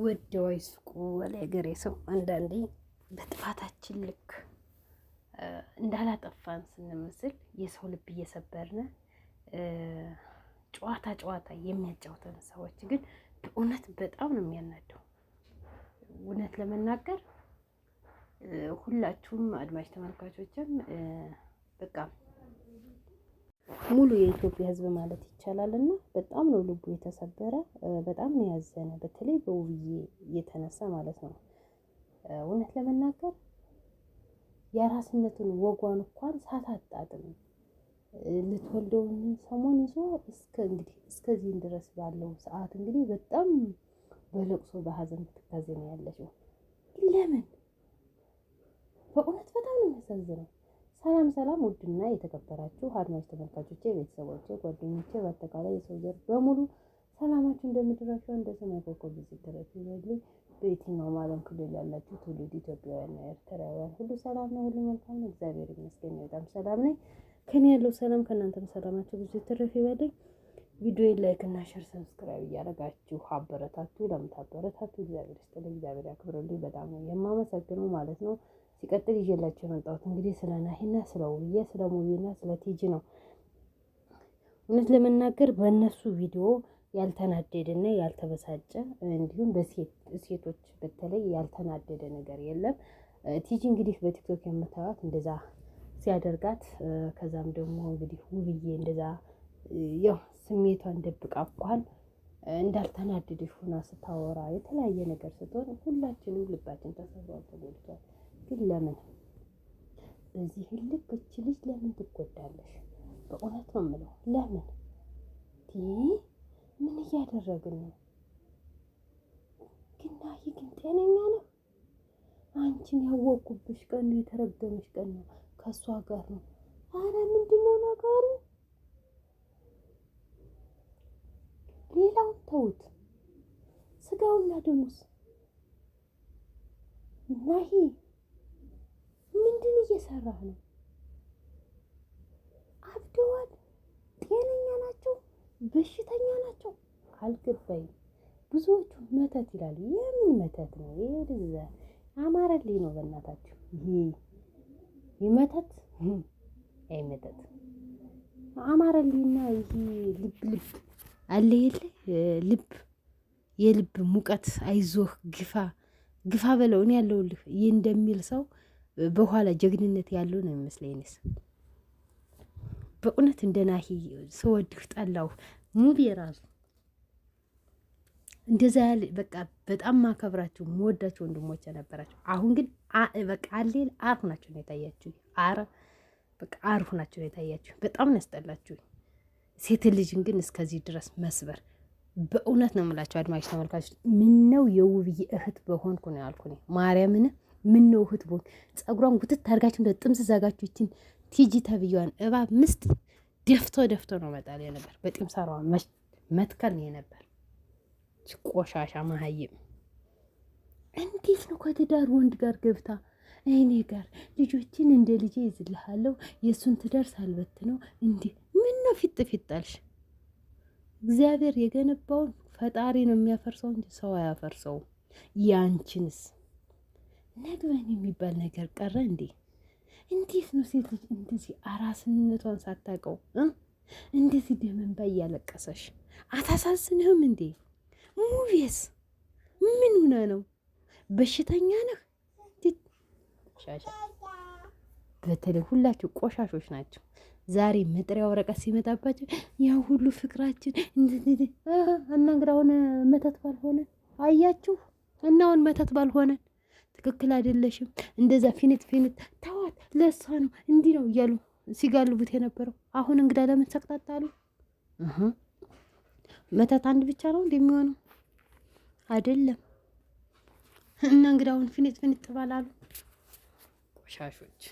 ውድ ወይ ሱቁ ገሬ ሰው አንዳንዴ በጥፋታችን ልክ እንዳላጠፋን ስንመስል የሰው ልብ እየሰበርነ ጨዋታ ጨዋታ የሚያጫውተን ሰዎች ግን በእውነት በጣም ነው የሚያናደው። እውነት ለመናገር ሁላችሁም አድማጭ ተመልካቾችም በቃ ሙሉ የኢትዮጵያ ህዝብ ማለት ይቻላል እና በጣም ነው ልቡ የተሰበረ በጣም ነው ያዘነ በተለይ በውብዬ የተነሳ ማለት ነው። እውነት ለመናገር የራስነትን ወጓን እንኳን ሳታጣጥም ልትወልደውን ሰሞን ይዞ እስከ እንግዲህ እስከዚህን ድረስ ባለው ሰዓት እንግዲህ በጣም በለቅሶ በሀዘን ትታዘን ያለችው ለምን? በእውነት በጣም ነው የሚያሳዝነው ሰላም ሰላም ውድና የተከበራችሁ አድማጭ ተመልካቾቼ፣ ቤተሰቦቼ፣ ጓደኞቼ በአጠቃላይ የሰው ዘር በሙሉ ሰላማችሁ እንደምድራቸው እንደ ሰማይ ኮከብ ይደረግ ይበልኝ። በየትኛውም ዓለም ክልል ያላችሁ ትውልድ ኢትዮጵያውያንና ኤርትራውያን ሁሉ ሰላም ነው፣ ሁሉ መልካም ነው። እግዚአብሔር ይመስገን በጣም ሰላም ነኝ። ከኔ ያለው ሰላም ከእናንተም ሰላማችሁ ብዙ ይተረፍ ይበልኝ። ቪዲዮን ላይክ እና ሸር ሰብስክራይብ እያደረጋችሁ አበረታችሁ። ለምታበረታችሁ እግዚአብሔር ይስጥልኝ፣ እግዚአብሔር ያክብርልኝ። በጣም ነው የማመሰግነው ማለት ነው። ሲቀጥል ይዤላችሁ የመጣሁት እንግዲህ ስለ ናሂና ስለ ውብዬ ስለ ሙቤና ስለ ቲጂ ነው። እውነት ለመናገር በእነሱ ቪዲዮ ያልተናደደና ያልተበሳጨ እንዲሁም በሴቶች በተለይ ያልተናደደ ነገር የለም። ቲጂ እንግዲህ በቲክቶክ የምታዩት እንደዛ ሲያደርጋት ከዛም ደግሞ እንግዲህ ውብዬ እንደዛ ያው ስሜቷን ደብቃ እንኳን እንዳልተናደደች ሆና ስታወራ የተለያየ ነገር ስትሆን ሁላችንም ልባችን ተሰብሯል፣ ተጎድቷል። ግን ለምን በዚህ ልክ እች ልጅ ለምን ትጎዳለሽ? በእውነት ነው የምለው ለምን ምን እያደረግን ነው? ግን ናሂ ግን ጤነኛ ነው? አንቺን ያወቁብሽ ቀን ነው የተረገመሽ ቀን ነው ከእሷ ጋር ነው። አረ ነው ነገሩ? ሌላውን ተውት፣ ስጋውና ደሙስ ናሂ እየሰራህ ነው? አብደዋል? ጤነኛ ናቸው? በሽተኛ ናቸው? አልገባኝም። ብዙዎቹ መተት ይላሉ። የምን መተት ነው ይሄ? አማረልኝ ነው በእናታችሁ። የመተት አይመተት አማረልኝና ይሄ ልብ ልብ አለ የለ ልብ የልብ ሙቀት አይዞህ ግፋ ግፋ በለው እኔ ያለሁልህ ይህ እንደሚል ሰው በኋላ ጀግንነት ያለው ነው የሚመስለኝስ። በእውነት እንደ ናሂ ስወድህ ጠላሁ ሙቪ የራሱ እንደዛ ያለ በቃ በጣም ማከብራቸው መወዳቸው ወንድሞች ነበራቸው። አሁን ግን በቃ አሌል አርፍ ናቸው ነው የታያችሁ። አረ በቃ አርፍ ናቸው ነው የታያችሁ። በጣም ነው ያስጠላችሁ። ሴት ልጅን ግን እስከዚህ ድረስ መስበር በእውነት ነው የምላችሁ ተመልካች፣ ምን ነው የውብዬ እህት በሆንኩ ነው ያልኩ ማርያምን ምን ነው እህት ቦት ጸጉሯን ጉትት ታርጋችሁ እንደ ጥምስ ዛጋችሁ ይችን ቲጂ ተብያዋን እባብ ምስጥ ደፍቶ ደፍቶ ነው መጣል የነበር። በጢም መትከል ነው የነበር። ቆሻሻ መሀይም እንዴት ነው ከትዳር ወንድ ጋር ገብታ እኔ ጋር ልጆችን እንደ ልጄ ይዝልሃለሁ የእሱን ትዳር ሳልበት ነው እንዴ ምን ነው ፊት ፊጣልሽ። እግዚአብሔር የገነባውን ፈጣሪ ነው የሚያፈርሰው እንጂ ሰው አያፈርሰውም። ያንቺንስ ነግበን የሚባል ነገር ቀረ እንዴ? እንዴት ነው ሴት ልጅ እንደዚህ አራስነቷን ሳታውቀው እንደዚህ ደም እንባ እያለቀሰሽ አታሳዝንህም እንዴ? ሙቪስ ምን ሆነ ነው? በሽተኛ ነህ? በተለይ ሁላችሁ ቆሻሾች ናቸው። ዛሬ መጥሪያ ወረቀት ሲመጣባቸው ያ ሁሉ ፍቅራችን እና እንግዲህ አሁን መተት ባልሆነ አያችሁ፣ እና አሁን መተት ባልሆነ ትክክል አይደለሽም፣ እንደዛ ፊንት ፊንት ተዋት፣ ለእሷ ነው እንዲህ ነው እያሉ ሲጋልቡት የነበረው አሁን እንግዳ ለምን ሰቅጣጣሉ? መተት አንድ ብቻ ነው እንደሚሆነው አይደለም። እና እንግዳውን ፊንት ፊንት ትባላሉ ቆሻሾች።